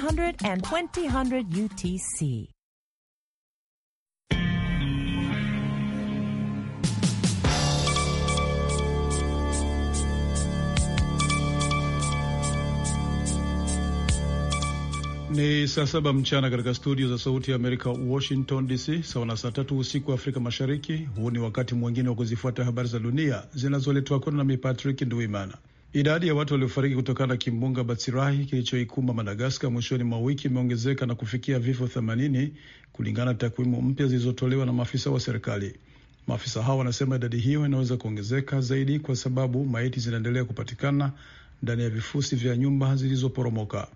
800 and 2000 UTC. Ni saa saba mchana katika studio za Sauti ya Amerika, Washington DC, sawa na saa tatu usiku wa Afrika Mashariki. Huu ni wakati mwingine wa kuzifuata habari za dunia zinazoletwa kwenu nami Patrick Nduimana. Idadi ya watu waliofariki kutokana na kimbunga Batsirahi kilichoikumba Madagaskar mwishoni mwa wiki imeongezeka na kufikia vifo 80 kulingana na takwimu mpya zilizotolewa na maafisa wa serikali. Maafisa hao wanasema idadi hiyo inaweza kuongezeka zaidi kwa sababu maiti zinaendelea kupatikana ndani ya vifusi vya nyumba zilizoporomoka.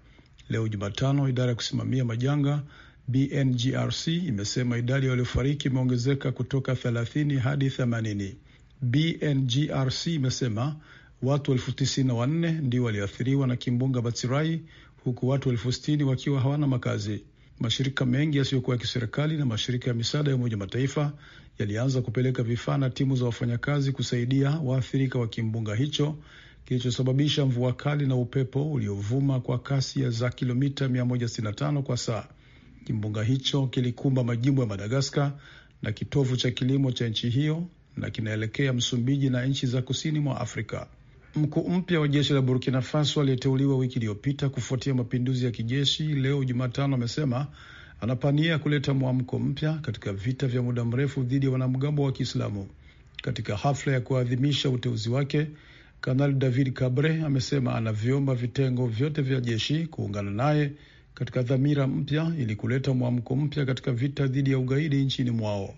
Leo Jumatano, idara ya kusimamia majanga BNGRC imesema idadi waliofariki imeongezeka kutoka 30 hadi 80. BNGRC imesema Watu elfu tisini na wanne ndio waliathiriwa na kimbunga Batsirai, huku watu elfu sitini wakiwa hawana makazi. Mashirika mengi yasiyokuwa ya kiserikali na mashirika ya misaada ya Umoja Mataifa yalianza kupeleka vifaa na timu za wafanyakazi kusaidia waathirika wa kimbunga hicho kilichosababisha mvua kali na upepo uliovuma kwa kasi za kilomita 165 kwa saa. Kimbunga hicho kilikumba majimbo ya Madagaskar na kitovu cha kilimo cha nchi hiyo na kinaelekea Msumbiji na nchi za kusini mwa Afrika. Mkuu mpya wa jeshi la Burkina Faso aliyeteuliwa wiki iliyopita kufuatia mapinduzi ya kijeshi leo Jumatano amesema anapania kuleta mwamko mpya katika vita vya muda mrefu dhidi ya wanamgambo wa Kiislamu. Katika hafla ya kuadhimisha uteuzi wake, Kanali David Cabre amesema anavyomba vitengo vyote vya jeshi kuungana naye katika dhamira mpya ili kuleta mwamko mpya katika vita dhidi ya ugaidi nchini mwao.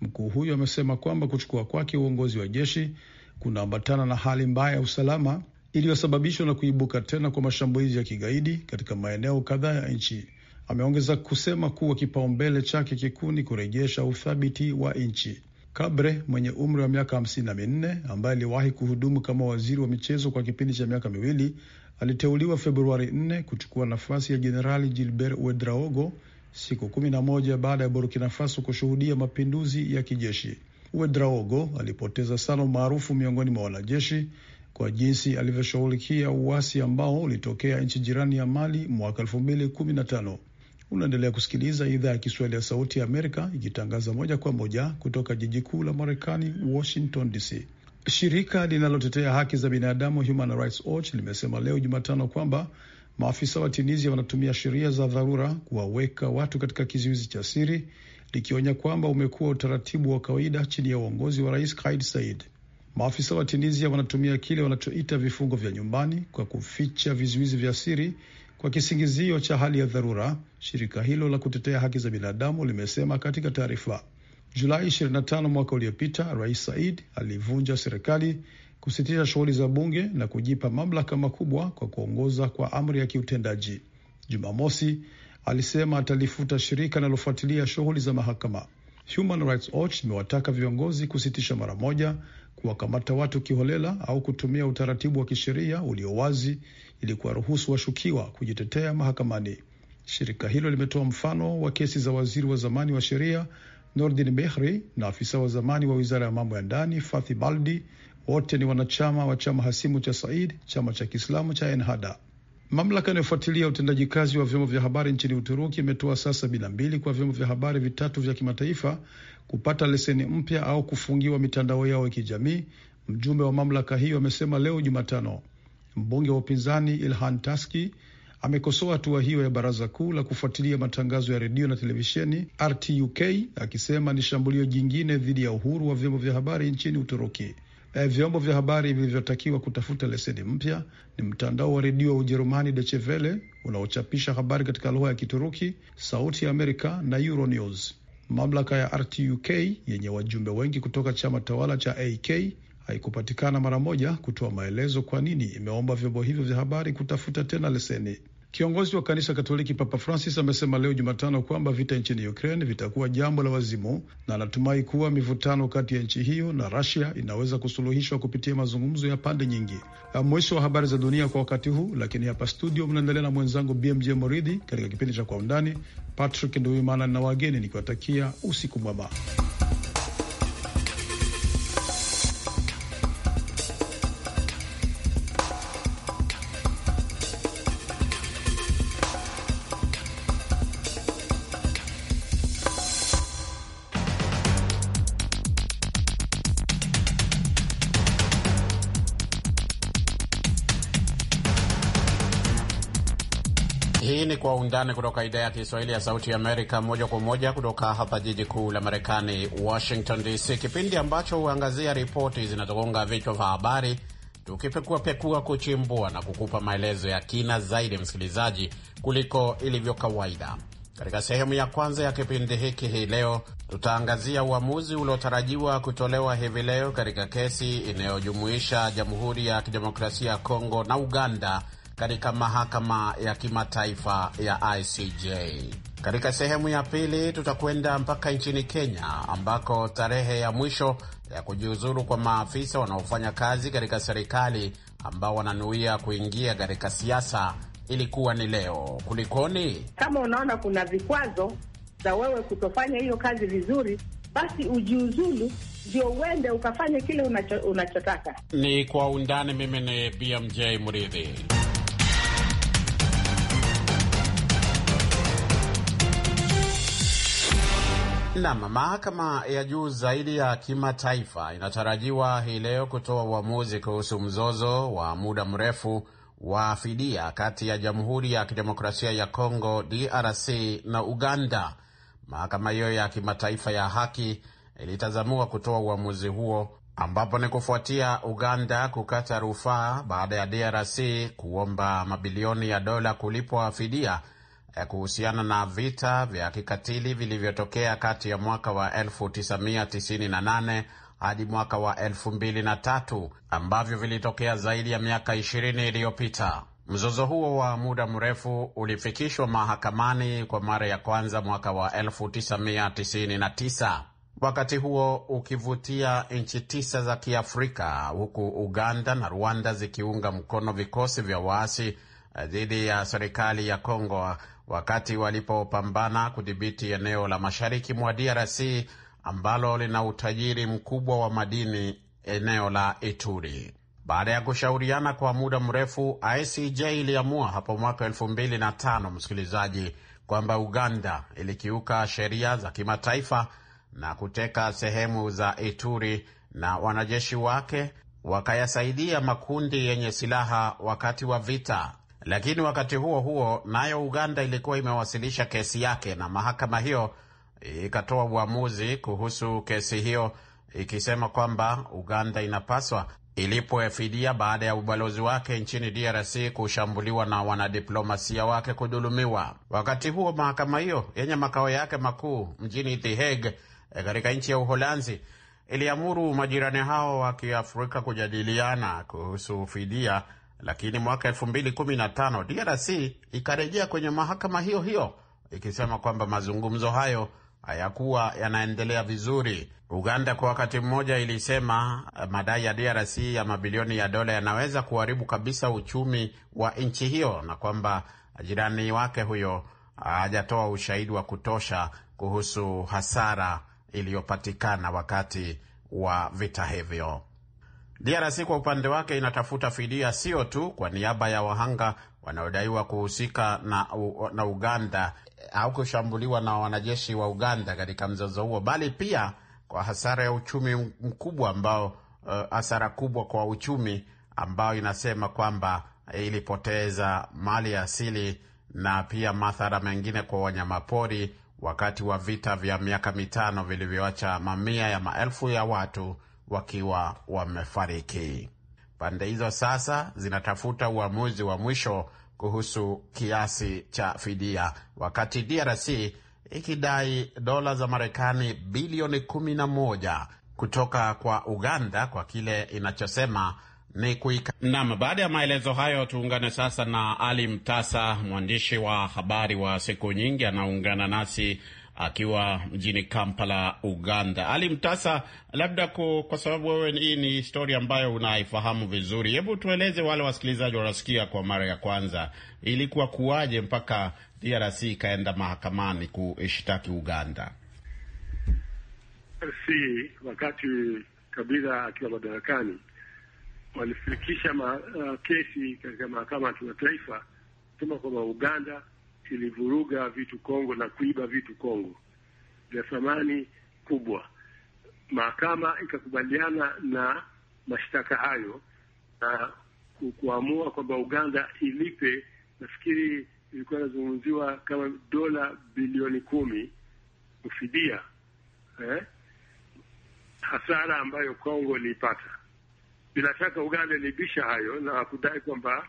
Mkuu huyo amesema kwamba kuchukua kwake uongozi wa jeshi kunaambatana na hali mbaya ya usalama iliyosababishwa na kuibuka tena kwa mashambulizi ya kigaidi katika maeneo kadhaa ya nchi. Ameongeza kusema kuwa kipaumbele chake kikuu ni kurejesha uthabiti wa nchi. Kabre mwenye umri wa miaka hamsini na minne ambaye aliwahi kuhudumu kama waziri wa michezo kwa kipindi cha miaka miwili aliteuliwa Februari 4 kuchukua nafasi ya Jenerali Gilbert wedraogo siku kumi na moja baada ya Burkina Faso kushuhudia mapinduzi ya kijeshi. Uedraogo alipoteza sana umaarufu miongoni mwa wanajeshi kwa jinsi alivyoshughulikia uasi ambao ulitokea nchi jirani ya Mali mwaka 2015. Unaendelea kusikiliza idhaa ya Kiswahili ya Sauti ya Amerika ikitangaza moja kwa moja kutoka jiji kuu la Marekani, Washington DC. Shirika linalotetea haki za binadamu Human Rights Watch limesema leo Jumatano kwamba maafisa wa Tunisia wanatumia sheria za dharura kuwaweka watu katika kizuizi cha siri likionya kwamba umekuwa utaratibu wa kawaida chini ya uongozi wa Rais Kaid Said. Maafisa wa Tunisia wanatumia kile wanachoita vifungo vya nyumbani kwa kuficha vizuizi vya siri kwa kisingizio cha hali ya dharura, shirika hilo la kutetea haki za binadamu limesema katika taarifa. Julai 25 mwaka uliopita, Rais Said alivunja serikali, kusitisha shughuli za bunge na kujipa mamlaka makubwa kwa kuongoza kwa amri ya kiutendaji. Jumamosi alisema atalifuta shirika linalofuatilia shughuli za mahakama. Human Rights Watch imewataka viongozi kusitisha mara moja kuwakamata watu kiholela au kutumia utaratibu wa kisheria ulio wazi ili kuwaruhusu washukiwa kujitetea mahakamani. Shirika hilo limetoa mfano wa kesi za waziri wa zamani wa sheria Nordin Mehri na afisa wa zamani wa wizara ya mambo ya ndani Fathi Baldi, wote ni wanachama wa chama hasimu cha Said, chama cha Kiislamu cha Ennahda. Mamlaka inayofuatilia utendaji kazi wa vyombo vya habari nchini Uturuki imetoa saa sabini na mbili kwa vyombo vya habari vitatu vya kimataifa kupata leseni mpya au kufungiwa mitandao yao ya kijamii, mjumbe wa mamlaka hiyo amesema leo Jumatano. Mbunge wa upinzani Ilhan Taski amekosoa hatua hiyo ya baraza kuu la kufuatilia matangazo ya redio na televisheni RTUK akisema ni shambulio jingine dhidi ya uhuru wa vyombo vya habari nchini Uturuki. E, vyombo vya habari vilivyotakiwa kutafuta leseni mpya ni mtandao wa redio wa Ujerumani Deutsche Welle unaochapisha habari katika lugha ya Kituruki, Sauti ya Amerika na Euronews. Mamlaka ya RTUK yenye wajumbe wengi kutoka chama tawala cha AK haikupatikana mara moja kutoa maelezo kwa nini imeomba vyombo hivyo vya habari kutafuta tena leseni. Kiongozi wa kanisa Katoliki Papa Francis amesema leo Jumatano kwamba vita nchini Ukraine vitakuwa jambo la wazimu na anatumai kuwa mivutano kati ya nchi hiyo na rasia inaweza kusuluhishwa kupitia mazungumzo ya pande nyingi. Mwisho wa habari za dunia kwa wakati huu, lakini hapa studio mnaendelea na mwenzangu BMJ Moridhi katika kipindi cha Kwa Undani. Patrick Nduimana na wageni nikiwatakia usiku mwema. undani kutoka idhaa ya Kiswahili ya Sauti Amerika, moja kwa moja kutoka hapa jiji kuu la Marekani, Washington DC, kipindi ambacho huangazia ripoti zinazogonga vichwa vya habari, tukipekuapekua, kuchimbua na kukupa maelezo ya kina zaidi, msikilizaji, kuliko ilivyo kawaida. Katika sehemu ya kwanza ya kipindi hiki hii leo tutaangazia uamuzi uliotarajiwa kutolewa hivi leo katika kesi inayojumuisha Jamhuri ya Kidemokrasia ya Kongo na Uganda katika mahakama ya kimataifa ya ICJ. Katika sehemu ya pili tutakwenda mpaka nchini Kenya ambako tarehe ya mwisho ya kujiuzulu kwa maafisa wanaofanya kazi katika serikali ambao wananuia kuingia katika siasa ilikuwa ni leo. Kulikoni? Kama unaona kuna vikwazo za wewe kutofanya hiyo kazi vizuri, basi ujiuzulu ndio uende ukafanye kile unachotaka. Ni kwa undani. Mimi ni BMJ Mridhi. Nam, mahakama ya juu zaidi ya kimataifa inatarajiwa hii leo kutoa uamuzi kuhusu mzozo wa muda mrefu wa fidia kati ya Jamhuri ya Kidemokrasia ya Kongo DRC na Uganda. Mahakama hiyo ya kimataifa ya haki ilitazamiwa kutoa uamuzi huo ambapo ni kufuatia Uganda kukata rufaa baada ya DRC kuomba mabilioni ya dola kulipwa fidia Eh, kuhusiana na vita vya kikatili vilivyotokea kati ya mwaka wa 1998 hadi mwaka wa 2003 ambavyo vilitokea zaidi ya miaka 20 iliyopita. Mzozo huo wa muda mrefu ulifikishwa mahakamani kwa mara ya kwanza mwaka wa 1999, wakati huo ukivutia nchi tisa za Kiafrika, huku Uganda na Rwanda zikiunga mkono vikosi vya waasi eh, dhidi ya serikali ya Kongo wakati walipopambana kudhibiti eneo la mashariki mwa DRC ambalo lina utajiri mkubwa wa madini, eneo la Ituri. Baada ya kushauriana kwa muda mrefu, ICJ iliamua hapo mwaka 2005, msikilizaji, kwamba Uganda ilikiuka sheria za kimataifa na kuteka sehemu za Ituri na wanajeshi wake wakayasaidia makundi yenye silaha wakati wa vita. Lakini wakati huo huo, nayo Uganda ilikuwa imewasilisha kesi yake na mahakama hiyo ikatoa uamuzi kuhusu kesi hiyo ikisema kwamba Uganda inapaswa ilipofidia baada ya ubalozi wake nchini DRC kushambuliwa na wanadiplomasia wake kudhulumiwa. Wakati huo mahakama hiyo yenye makao yake makuu mjini The Hague eh, katika nchi ya Uholanzi iliamuru majirani hao wa Kiafrika kujadiliana kuhusu fidia lakini mwaka 2015 DRC ikarejea kwenye mahakama hiyo hiyo ikisema kwamba mazungumzo hayo hayakuwa yanaendelea vizuri. Uganda kwa wakati mmoja ilisema eh, madai ya DRC ya mabilioni ya dola yanaweza kuharibu kabisa uchumi wa nchi hiyo na kwamba jirani wake huyo hajatoa ushahidi wa kutosha kuhusu hasara iliyopatikana wakati wa vita hivyo. DRC kwa upande wake inatafuta fidia sio tu kwa niaba ya wahanga wanaodaiwa kuhusika na, na Uganda eh, au kushambuliwa na wanajeshi wa Uganda katika mzozo huo, bali pia kwa hasara ya uchumi mkubwa ambao uh, hasara kubwa kwa uchumi ambao inasema kwamba eh, ilipoteza mali asili na pia madhara mengine kwa wanyamapori wakati wa vita vya miaka mitano vilivyoacha mamia ya maelfu ya watu wakiwa wamefariki. Pande hizo sasa zinatafuta uamuzi wa mwisho kuhusu kiasi cha fidia, wakati DRC ikidai dola za Marekani bilioni 11 kutoka kwa Uganda kwa kile inachosema ni kuika. Naam, baada ya maelezo hayo, tuungane sasa na Ali Mtasa, mwandishi wa habari wa siku nyingi, anaungana nasi akiwa mjini Kampala, Uganda. Ali Mtasa, labda ku, kwa sababu wewe hii ni historia ambayo unaifahamu vizuri, hebu tueleze wale wasikilizaji wanasikia kwa mara ya kwanza, ilikuwa kuwaje mpaka DRC ikaenda mahakamani kuishtaki Uganda? Si wakati Kabila akiwa madarakani walifikisha ma, uh, kesi katika mahakama ya kimataifa kutuma kwamba Uganda kilivuruga vitu Kongo na kuiba vitu Kongo vya thamani kubwa. Mahakama ikakubaliana na mashtaka hayo na kuamua kwamba Uganda ilipe, nafikiri ilikuwa inazungumziwa kama dola bilioni kumi kufidia eh, hasara ambayo Kongo iliipata. Bila shaka Uganda ilibisha hayo na kudai kwamba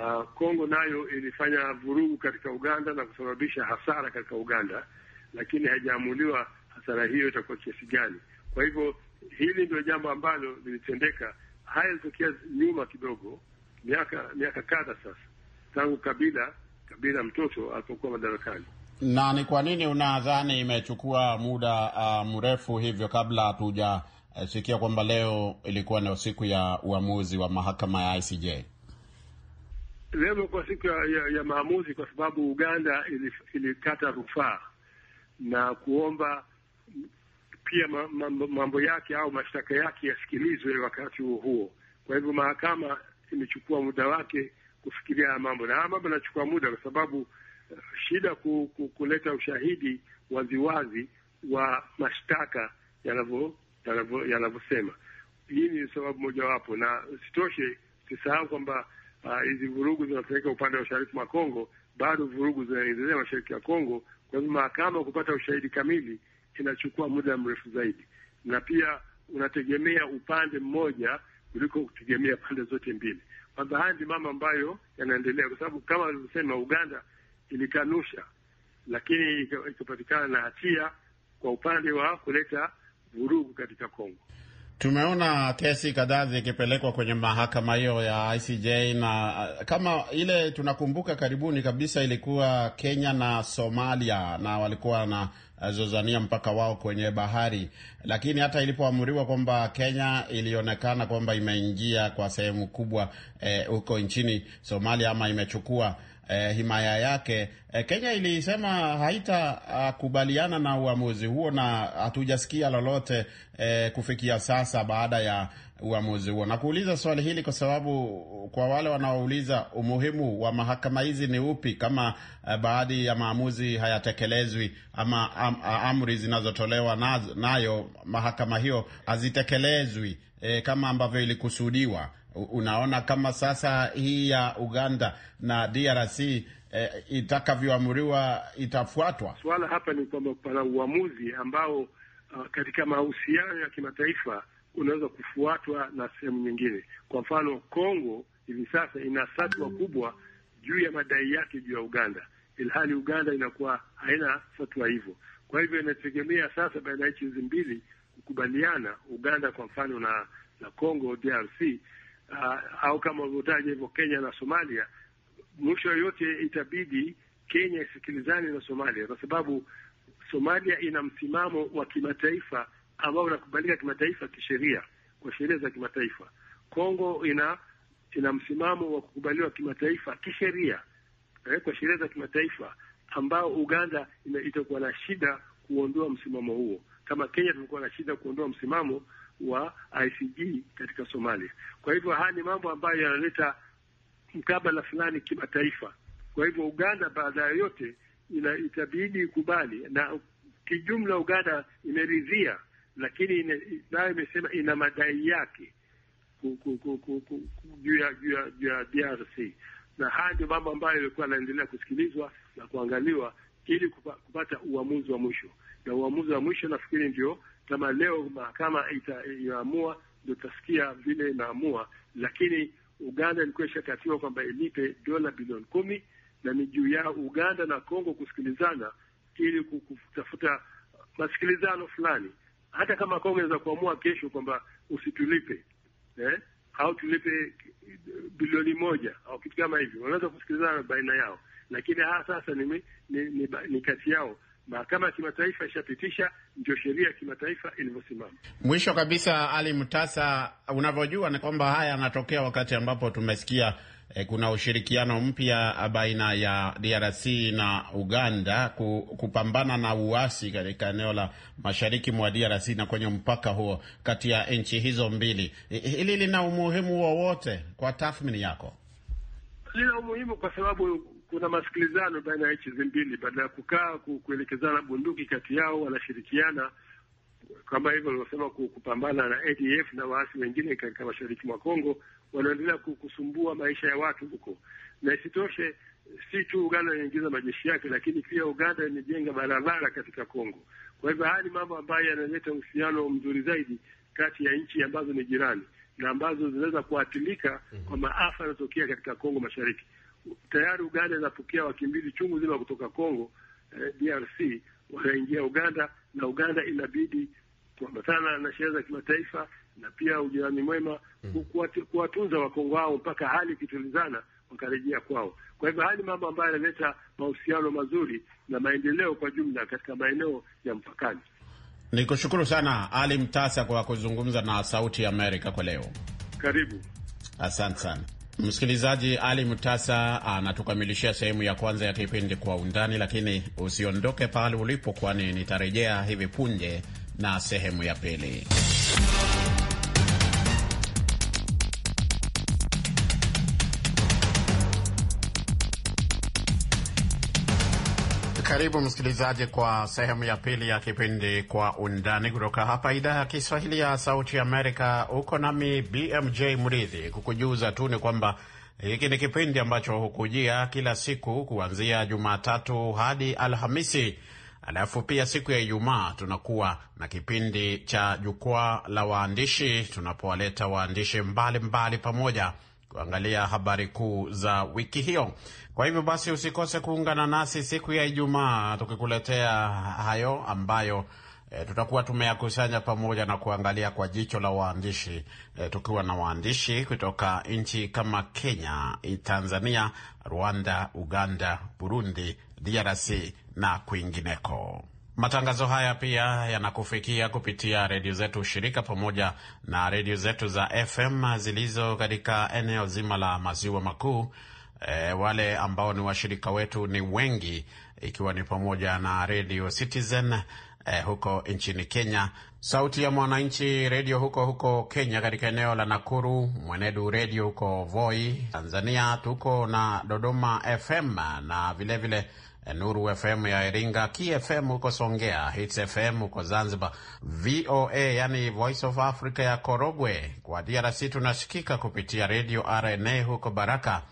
Ah, Kongo uh, nayo ilifanya vurugu katika Uganda na kusababisha hasara katika Uganda, lakini haijaamuliwa hasara hiyo itakuwa kiasi gani. Kwa hivyo hili ndio jambo ambalo lilitendeka. Haya ilitokea nyuma kidogo, miaka miaka kadha sasa, tangu Kabila Kabila mtoto alipokuwa madarakani. Na ni kwa nini unadhani imechukua muda uh, mrefu hivyo kabla hatujasikia uh, kwamba leo ilikuwa ndio siku ya uamuzi wa mahakama ya ICJ? leo kwa siku ya, ya, ya maamuzi, kwa sababu Uganda ilikata rufaa na kuomba pia mambo yake au mashtaka yake yasikilizwe wakati huo huo. Kwa hivyo mahakama imechukua muda wake kufikiria haya mambo, na haya mambo yanachukua muda kwa sababu eh, shida ku, ku, kuleta ushahidi waziwazi wa mashtaka yanavyosema. Hii ni sababu mojawapo, na sitoshe, sisahau kwamba Ah, hizi uh, vurugu zinafanyika upande wa mashariki mwa Kongo, bado vurugu zinaendelea mashariki ya Kongo. Kwa hivyo mahakama kupata ushahidi kamili inachukua muda mrefu zaidi, na pia unategemea upande mmoja kuliko kutegemea pande zote mbili. Kwanza, haya ndi mambo ambayo yanaendelea, kwa sababu kama alivyosema, Uganda ilikanusha, lakini ikapatikana na hatia kwa upande wa kuleta vurugu katika Kongo. Tumeona kesi kadhaa zikipelekwa kwenye mahakama hiyo ya ICJ na uh, kama ile tunakumbuka, karibuni kabisa ilikuwa Kenya na Somalia, na walikuwa na uh, zozania mpaka wao kwenye bahari, lakini hata ilipoamriwa kwamba Kenya ilionekana kwamba imeingia kwa sehemu kubwa eh, huko eh, nchini Somalia ama imechukua eh, himaya yake eh, Kenya ilisema haitakubaliana ah, na uamuzi huo, na hatujasikia lolote eh, kufikia sasa baada ya uamuzi huo. Nakuuliza swali hili kwa sababu kwa wale wanaouliza umuhimu wa mahakama hizi ni upi kama eh, baadhi ya maamuzi hayatekelezwi ama am, ah, amri zinazotolewa nayo mahakama hiyo hazitekelezwi eh, kama ambavyo ilikusudiwa unaona kama sasa hii ya Uganda na DRC eh, itakavyoamuriwa itafuatwa? Suala hapa ni kwamba pana uamuzi ambao uh, katika mahusiano ya kimataifa unaweza kufuatwa na sehemu nyingine. Kwa mfano, Kongo hivi sasa ina satwa kubwa juu ya madai yake juu ya Uganda, ilhali Uganda inakuwa haina fatwa hivyo. Kwa hivyo inategemea sasa baina ya nchi hizi mbili kukubaliana, Uganda kwa mfano na na Kongo DRC uh, au kama ulivyotaja hivyo Kenya na Somalia, mwisho yoyote itabidi Kenya isikilizane na Somalia kwa sababu Somalia ina msimamo wa kimataifa ambao unakubalika kimataifa kisheria, kwa sheria za kimataifa. Kongo ina ina msimamo wa kukubaliwa kimataifa kisheria, eh, kwa sheria za kimataifa ambao Uganda itakuwa na shida kuondoa msimamo huo, kama Kenya tumekuwa na shida kuondoa msimamo wa ICG katika Somalia. Kwa hivyo haya ni mambo ambayo yanaleta mkabala fulani kimataifa. Kwa hivyo Uganda baada ya yote ina itabidi ikubali, na kijumla Uganda imeridhia, lakini nayo imesema ina madai yake juu ya DRC, na haya ndio mambo ambayo yalikuwa yanaendelea kusikilizwa na kuangaliwa ili kupata uamuzi wa mwisho, na uamuzi wa mwisho nafikiri ndio kama leo mahakama itaamua, ndio tasikia vile inaamua, lakini Uganda ilikuwa ishakatiwa kwamba ilipe dola bilioni kumi na ni juu yao Uganda na Kongo kusikilizana ili kutafuta masikilizano fulani, hata kama Kongo inaweza kuamua kesho kwamba usitulipe eh, au tulipe bilioni moja au kitu kama hivyo, wanaweza kusikilizana baina yao, lakini haya sasa ni, ni, ni, ni kati yao mahakama ya kimataifa ishapitisha, ndio sheria ya kimataifa ilivyosimama. Mwisho kabisa, Ali Mtasa, unavyojua ni kwamba haya yanatokea wakati ambapo tumesikia eh, kuna ushirikiano mpya baina ya DRC na Uganda ku, kupambana na uasi katika eneo la mashariki mwa DRC na kwenye mpaka huo kati ya nchi hizo mbili. Hili lina umuhimu wowote kwa tathmini yako? Lina umuhimu kwa sababu kuna masikilizano baina ya nchi hizi mbili, badala ya kukaa kuelekezana bunduki kati yao, wanashirikiana kama hivyo walivyosema kupambana na ADF na waasi wengine katika mashariki mwa Kongo, wanaendelea kusumbua maisha ya watu huko. Na isitoshe, si tu Uganda inaingiza majeshi yake, lakini pia Uganda imejenga barabara katika Kongo. Kwa hivyo haya ni mambo ambayo yanaleta uhusiano mzuri zaidi kati ya nchi ambazo ni jirani na ambazo zinaweza kuathirika kwa mm-hmm. maafa yanayotokea katika Kongo Mashariki tayari Uganda inapokea wakimbizi chungu nzima kutoka Congo eh, DRC wanaingia Uganda, na Uganda inabidi kuambatana na sheria za kimataifa na pia ujirani mwema mm. kuwatunza Wakongo wao mpaka hali ikitulizana wakarejea kwao. Kwa hivyo haya ni mambo ambayo yanaleta mahusiano mazuri na maendeleo kwa jumla katika maeneo ya mpakani. Ni kushukuru sana Ali Mtasa kwa kuzungumza na Sauti ya Amerika kwa leo. Karibu, asante sana. Msikilizaji, Ali Mtasa anatukamilishia sehemu ya kwanza ya kipindi Kwa Undani, lakini usiondoke pale ulipo, kwani nitarejea hivi punde na sehemu ya pili. Karibu msikilizaji kwa sehemu ya pili ya kipindi Kwa Undani kutoka hapa idhaa ya Kiswahili ya Sauti Amerika. Uko nami BMJ Mridhi. Kukujuza tu ni kwamba hiki ni kipindi ambacho hukujia kila siku kuanzia Jumatatu hadi Alhamisi, alafu pia siku ya Ijumaa tunakuwa na kipindi cha Jukwaa la Waandishi, tunapowaleta waandishi mbalimbali mbali pamoja kuangalia habari kuu za wiki hiyo. Kwa hivyo basi usikose kuungana nasi siku ya Ijumaa tukikuletea hayo ambayo e, tutakuwa tumeyakusanya pamoja na kuangalia kwa jicho la waandishi e, tukiwa na waandishi kutoka nchi kama Kenya, Tanzania, Rwanda, Uganda, Burundi, DRC na kwingineko. Matangazo haya pia yanakufikia kupitia redio zetu shirika pamoja na redio zetu za FM zilizo katika eneo zima la maziwa makuu E, wale ambao ni washirika wetu ni wengi, ikiwa ni pamoja na Radio Citizen e, huko nchini Kenya, Sauti ya Mwananchi redio huko huko Kenya katika eneo la Nakuru, Mwenedu redio huko Voi Tanzania, tuko na Dodoma FM na vilevile vile e, Nuru FM ya Iringa, KFM huko Songea, Hits FM huko Zanzibar, VOA yani Voice of Africa ya Korogwe. Kwa DRC tunasikika kupitia redio RNA huko Baraka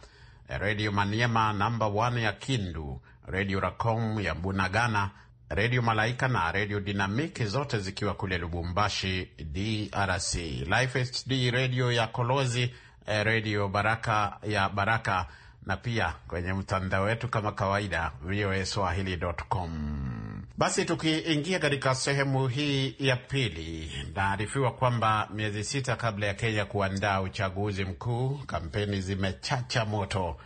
Redio Maniema namba 1 ya Kindu, Redio Racom ya Bunagana, Redio Malaika na Redio Dinamiki, zote zikiwa kule Lubumbashi, DRC. Life HD redio ya Kolozi, eh, Redio Baraka ya Baraka, na pia kwenye mtandao wetu kama kawaida, voa swahili.com. Basi tukiingia katika sehemu hii ya pili, naarifiwa kwamba miezi sita kabla ya Kenya kuandaa uchaguzi mkuu, kampeni zimechacha moto,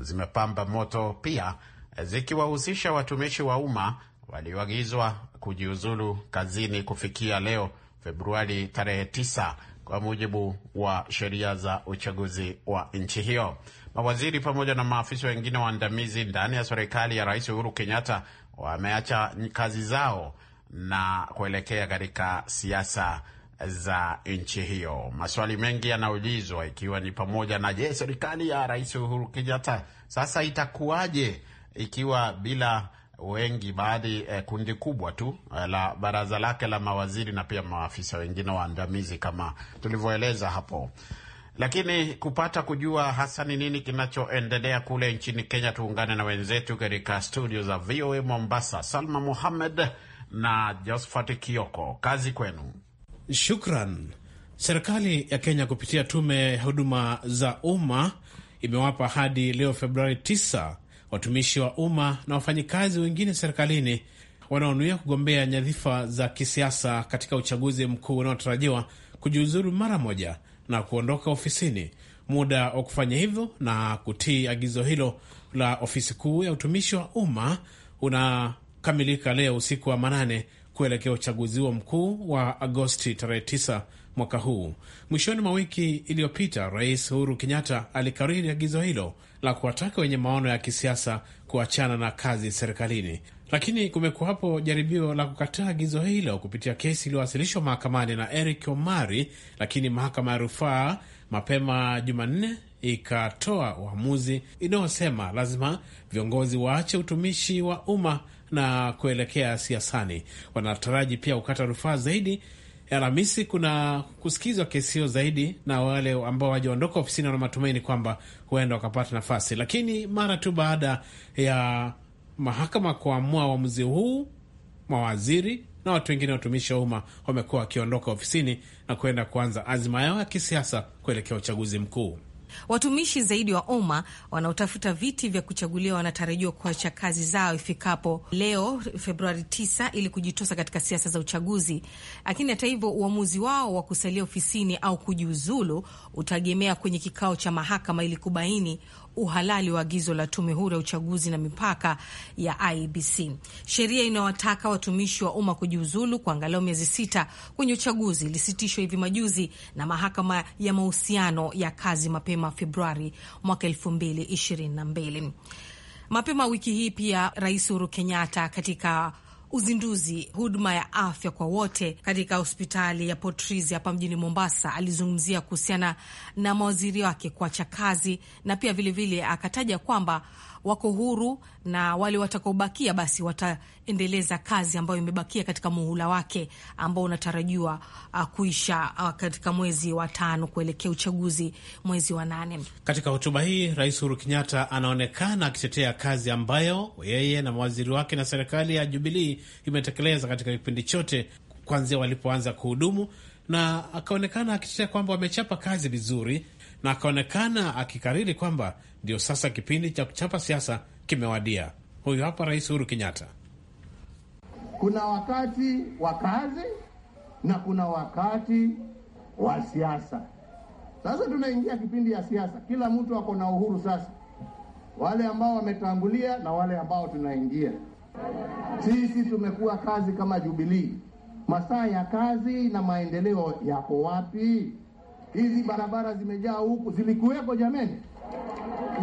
zimepamba moto pia, zikiwahusisha watumishi wa umma walioagizwa kujiuzulu kazini kufikia leo Februari tarehe 9 kwa mujibu wa sheria za uchaguzi wa nchi hiyo. Mawaziri pamoja na maafisa wengine waandamizi ndani ya serikali ya Rais Uhuru Kenyatta wameacha kazi zao na kuelekea katika siasa za nchi hiyo. Maswali mengi yanaulizwa ikiwa ni pamoja na je, serikali ya Rais Uhuru Kenyatta sasa itakuwaje ikiwa bila wengi baadhi, eh, kundi kubwa tu eh, la baraza lake la mawaziri na pia maafisa wengine waandamizi kama tulivyoeleza hapo. Lakini kupata kujua hasa ni nini kinachoendelea kule nchini Kenya, tuungane na wenzetu katika studio za VOA Mombasa, Salma Muhammed na Josphat Kioko. Kazi kwenu, shukran. Serikali ya Kenya kupitia tume ya huduma za umma imewapa hadi leo Februari 9 watumishi wa umma na wafanyikazi wengine serikalini wanaonuia kugombea nyadhifa za kisiasa katika uchaguzi mkuu unaotarajiwa kujiuzuru mara moja na kuondoka ofisini. Muda wa kufanya hivyo na kutii agizo hilo la ofisi kuu ya utumishi wa umma unakamilika leo usiku wa manane kuelekea uchaguzi huo mkuu wa Agosti tarehe 9 mwaka huu. Mwishoni mwa wiki iliyopita, Rais Uhuru Kenyatta alikariri agizo hilo la kuwataka wenye maono ya kisiasa kuachana na kazi serikalini. Lakini kumekuwapo jaribio la kukataa agizo hilo kupitia kesi iliyowasilishwa mahakamani na Eric Omari, lakini mahakama ya rufaa mapema Jumanne ikatoa uamuzi inayosema lazima viongozi waache utumishi wa umma na kuelekea siasani. Wanataraji pia kukata rufaa zaidi. Alhamisi kuna kusikizwa kesi hiyo zaidi, na wale ambao wajaondoka ofisini wana matumaini kwamba huenda wakapata nafasi, lakini mara tu baada ya mahakama kuamua uamuzi huu, mawaziri na watu wengine watumishi wa umma wamekuwa wakiondoka ofisini na kuenda kuanza azima yao ya kisiasa kuelekea uchaguzi mkuu. Watumishi zaidi wa umma wanaotafuta viti vya kuchaguliwa wanatarajiwa kuacha kazi zao ifikapo leo Februari 9 ili kujitosa katika siasa za uchaguzi. Lakini hata hivyo, uamuzi wao wa kusalia ofisini au kujiuzulu utaegemea kwenye kikao cha mahakama ili kubaini uhalali wa agizo la tume huru ya uchaguzi na mipaka ya ibc e Sheria inayowataka watumishi wa umma kujiuzulu kwa angalau miezi sita kwenye uchaguzi ilisitishwa hivi majuzi na mahakama ya mahusiano ya kazi mapema mapema Februari mwaka mbili. Mapema wiki hii pia Rais Uhuru Kenyatta katika uzinduzi huduma ya afya kwa wote katika hospitali ya Potrizi hapa mjini Mombasa, alizungumzia kuhusiana na mawaziri wake kuacha kazi na pia vilevile vile akataja kwamba wako huru na wale watakaobakia basi wataendeleza kazi ambayo imebakia katika muhula wake ambao unatarajiwa uh, kuisha uh, katika mwezi wa tano kuelekea uchaguzi mwezi wa nane. Katika hotuba hii, Rais Uhuru Kenyatta anaonekana akitetea kazi ambayo yeye na mawaziri wake na serikali ya Jubilii imetekeleza katika kipindi chote kuanzia walipoanza kuhudumu, na akaonekana akitetea kwamba wamechapa kazi vizuri na akaonekana akikariri kwamba ndio sasa kipindi cha kuchapa siasa kimewadia. Huyu hapa Rais Uhuru Kenyatta. Kuna wakati wa kazi na kuna wakati wa siasa. Sasa tunaingia kipindi ya siasa, kila mtu ako na uhuru sasa, wale ambao wametangulia na wale ambao tunaingia sisi. Tumekuwa kazi kama Jubilii, masaa ya kazi na maendeleo yako wapi? hizi barabara zimejaa huku, zilikuweko jameni,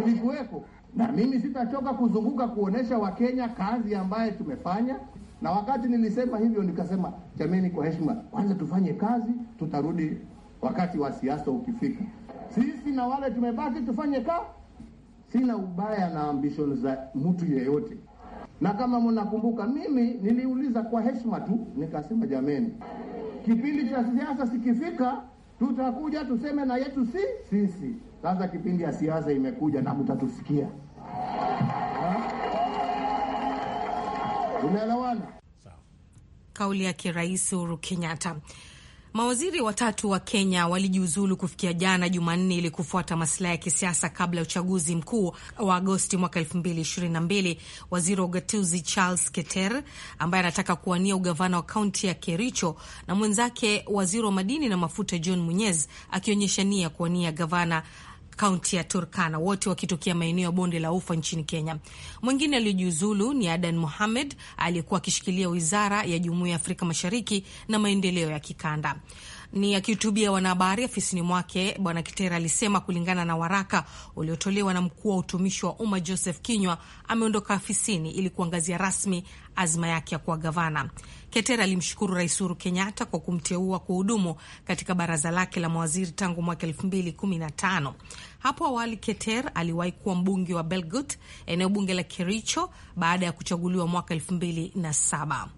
zilikuweko. Na mimi sitachoka kuzunguka kuonyesha Wakenya kazi ambaye tumefanya, na wakati nilisema hivyo nikasema, jameni, kwa heshima kwanza tufanye kazi, tutarudi wakati wa siasa ukifika. Sisi na wale tumebaki tufanye kazi. Sina ubaya na ambition za mtu yeyote, na kama mnakumbuka, mimi niliuliza kwa heshima tu nikasema, jameni, kipindi cha siasa sikifika tutakuja tuseme na yetu si sisi. Sasa kipindi ya siasa imekuja na mtatusikia. Unaelewana? Kauli yake Rais Uhuru Kenyatta. Mawaziri watatu wa Kenya walijiuzulu kufikia jana Jumanne ili kufuata masilahi ya kisiasa kabla ya uchaguzi mkuu wa Agosti mwaka 2022. Waziri wa ugatuzi Charles Keter ambaye anataka kuwania ugavana wa kaunti ya Kericho na mwenzake waziri wa madini na mafuta John Munyez akionyesha nia kuwania gavana kaunti ya Turkana, wote wakitokea maeneo ya bonde la ufa nchini Kenya. Mwingine aliyojiuzulu ni Adan Mohamed aliyekuwa akishikilia wizara ya Jumuiya ya Afrika Mashariki na maendeleo ya kikanda. Ni akihutubia wanahabari afisini mwake, Bwana Kitera alisema kulingana na waraka uliotolewa na mkuu wa utumishi wa umma Joseph Kinywa, ameondoka afisini ili kuangazia rasmi azma yake ya kuwa gavana. Ketera alimshukuru Rais Uhuru Kenyatta kwa kumteua kuhudumu katika baraza lake la mawaziri tangu mwaka tano. Hapo awali Keter aliwahi kuwa mbunge wa Belgut, eneo bunge la Kericho, baada ya kuchaguliwa mwaka saba.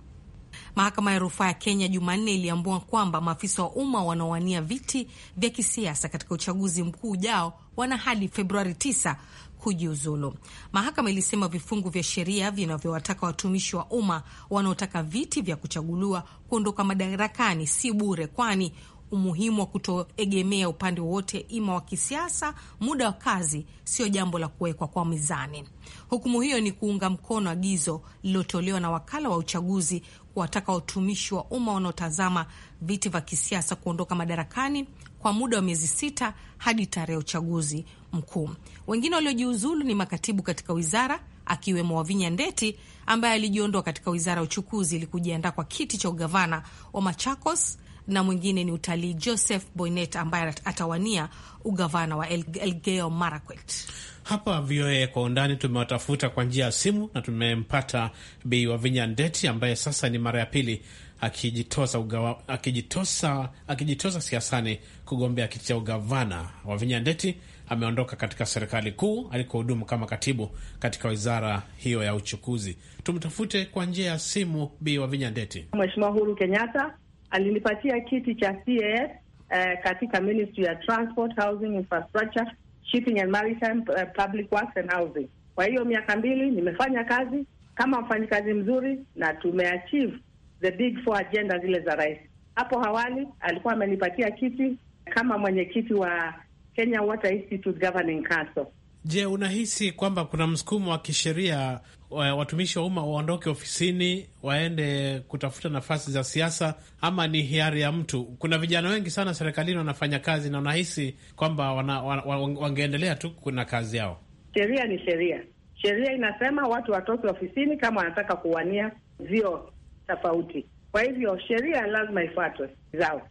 Mahakama ya rufaa ya Kenya Jumanne iliambua kwamba maafisa wa umma wanaowania viti vya kisiasa katika uchaguzi mkuu ujao wana hadi Februari 9 kujiuzulu. Mahakama ilisema vifungu vya sheria vinavyowataka watumishi wa umma wanaotaka viti vya kuchaguliwa kuondoka madarakani si bure, kwani umuhimu wa kutoegemea upande wowote ima wa kisiasa muda wa kazi sio jambo la kuwekwa kwa mizani. Hukumu hiyo ni kuunga mkono agizo lililotolewa na wakala wa uchaguzi kuwataka watumishi wa umma wanaotazama viti vya kisiasa kuondoka madarakani kwa muda wa miezi sita hadi tarehe ya uchaguzi mkuu. Wengine waliojiuzulu ni makatibu katika wizara akiwemo Wavinya Ndeti ambaye alijiondoa katika wizara ya uchukuzi ili kujiandaa kwa kiti cha ugavana wa Machakos, na mwingine ni utalii Joseph Boynet ambaye atawania ugavana wa Elgeyo Marakwet. Hapa VOA kwa undani tumewatafuta kwa njia ya simu na tumempata Bi Wavinya Ndeti ambaye sasa ni mara ya pili akijitosa ugawa, akijitosa, akijitosa siasani kugombea kiti cha ugavana. Wavinya Ndeti ameondoka katika serikali kuu alikohudumu kama katibu katika wizara hiyo ya uchukuzi. Tumtafute kwa njia ya simu Bi Wavinya Ndeti. Mheshimiwa Uhuru Kenyatta alinipatia kiti cha CAS eh, katika Ministry ya Transport, Housing, Infrastructure shipping and maritime, uh, public works and housing. Kwa hiyo miaka mbili nimefanya kazi kama mfanyikazi mzuri na tumeachieve the big four agenda zile za rais. Hapo awali alikuwa amenipatia kiti kama mwenyekiti wa Kenya Water Institute Governing Council. Je, unahisi kwamba kuna msukumo wa kisheria watumishi wa umma waondoke ofisini waende kutafuta nafasi za siasa, ama ni hiari ya mtu? Kuna vijana wengi sana serikalini wanafanya kazi na unahisi kwamba wana, wangeendelea tu kuna kazi yao. Sheria ni sheria. Sheria inasema watu watoke ofisini kama wanataka kuwania vio tofauti. Kwa hivyo sheria lazima ifuatwe zao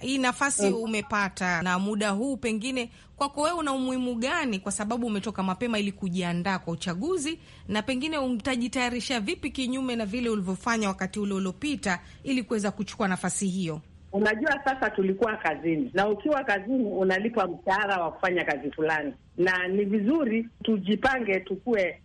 hii nafasi mm. umepata na muda huu, pengine kwako wewe una umuhimu gani, kwa sababu umetoka mapema ili kujiandaa kwa uchaguzi, na pengine utajitayarisha vipi kinyume na vile ulivyofanya wakati ule uliopita ili kuweza kuchukua nafasi hiyo? Unajua, sasa tulikuwa kazini, na ukiwa kazini unalipwa mshahara wa kufanya kazi fulani, na ni vizuri tujipange, tukue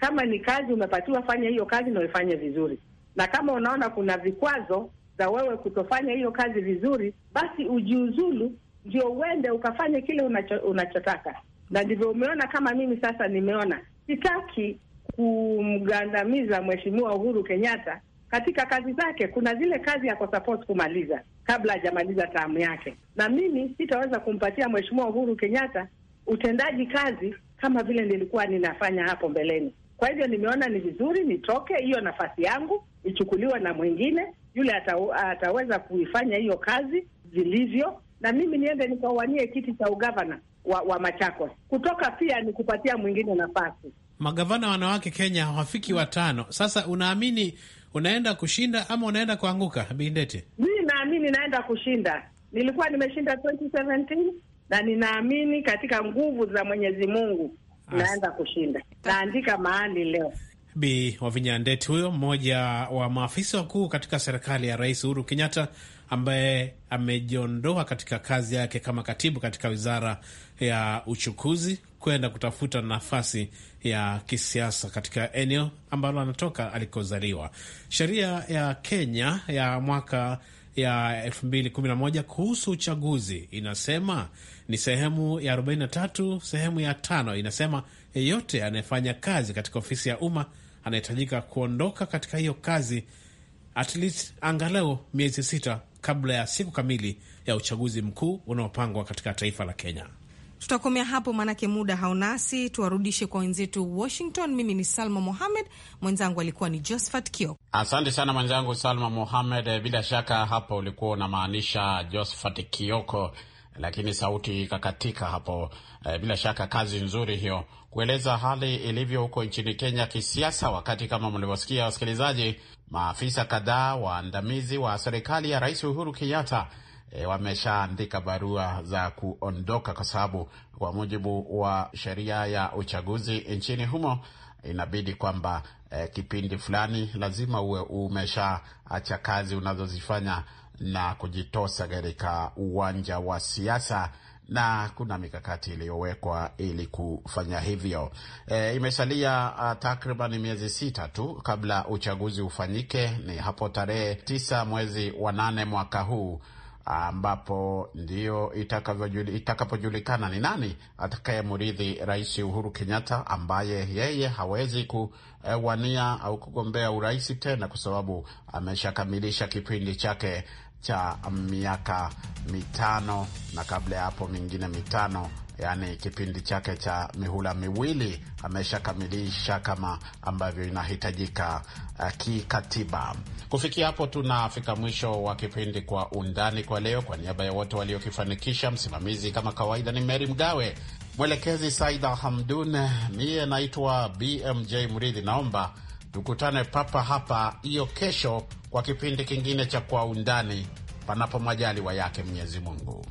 kama ni kazi umepatiwa, fanya hiyo kazi na uifanye vizuri, na kama unaona kuna vikwazo za wewe kutofanya hiyo kazi vizuri, basi ujiuzulu ndio uende ukafanye kile unacho, unachotaka. Na ndivyo umeona kama mimi sasa nimeona sitaki kumgandamiza Mheshimiwa Uhuru Kenyatta katika kazi zake. Kuna zile kazi ako support kumaliza kabla hajamaliza taamu yake, na mimi sitaweza kumpatia Mheshimiwa Uhuru Kenyatta utendaji kazi kama vile nilikuwa ninafanya hapo mbeleni. Kwa hivyo nimeona ni vizuri nitoke, hiyo nafasi yangu ichukuliwe na mwingine, yule ata, ataweza kuifanya hiyo kazi zilivyo na mimi niende nikawanie kiti cha ugavana wa, wa Machakos. Kutoka pia ni kupatia mwingine nafasi. Magavana wanawake Kenya hawafiki watano. Sasa unaamini unaenda kushinda ama unaenda kuanguka, Bindete? Mimi naamini naenda kushinda. Nilikuwa nimeshinda 2017 na ninaamini katika nguvu za Mwenyezi Mungu naenda kushinda. Naandika mahali leo Bi wa vinyandeti huyo mmoja wa maafisa wakuu katika serikali ya Rais Uhuru Kenyatta ambaye amejiondoa katika kazi yake kama katibu katika wizara ya uchukuzi kwenda kutafuta nafasi ya kisiasa katika eneo ambalo anatoka alikozaliwa. Sheria ya Kenya ya mwaka ya 2011 kuhusu uchaguzi inasema ni sehemu ya 43 sehemu ya tano inasema yeyote anayefanya kazi katika ofisi ya umma anahitajika kuondoka katika hiyo kazi at least angalau miezi sita kabla ya siku kamili ya uchaguzi mkuu unaopangwa katika taifa la Kenya. Tutakomea hapo maanake muda haunasi, tuwarudishe kwa wenzetu Washington. Mimi ni Salma Mohamed, mwenzangu alikuwa ni Josphat Kio. Asante sana mwenzangu Salma Mohamed. Eh, bila shaka hapo ulikuwa unamaanisha Josphat Kioko lakini sauti ikakatika hapo. E, bila shaka kazi nzuri hiyo kueleza hali ilivyo huko nchini Kenya kisiasa, wakati kama mlivyosikia wasikilizaji, maafisa kadhaa waandamizi wa, wa serikali ya Rais Uhuru Kenyatta E, wameshaandika barua za kuondoka kwa sababu kwa mujibu wa sheria ya uchaguzi nchini humo inabidi kwamba e, kipindi fulani lazima uwe umeshaacha kazi unazozifanya na kujitosa katika uwanja wa siasa na kuna mikakati iliyowekwa ili kufanya hivyo. E, imesalia takriban miezi sita tu kabla uchaguzi ufanyike. Ni hapo tarehe tisa mwezi wa nane mwaka huu ambapo ndio itakapojulikana ni nani atakayemrithi Rais Uhuru Kenyatta ambaye yeye hawezi kuwania au kugombea urais tena kwa sababu ameshakamilisha kipindi chake cha miaka mitano na kabla ya hapo mingine mitano yaani kipindi chake cha mihula miwili ameshakamilisha kama ambavyo inahitajika uh, kikatiba. Kufikia hapo, tunafika mwisho wa kipindi Kwa Undani kwa leo. Kwa niaba ya wote waliokifanikisha, msimamizi kama kawaida ni Meri Mgawe, mwelekezi Saida Hamdun, miye naitwa BMJ Mridhi, naomba Tukutane papa hapa hiyo kesho kwa kipindi kingine cha Kwa Undani, panapo majaliwa yake Mwenyezi Mungu.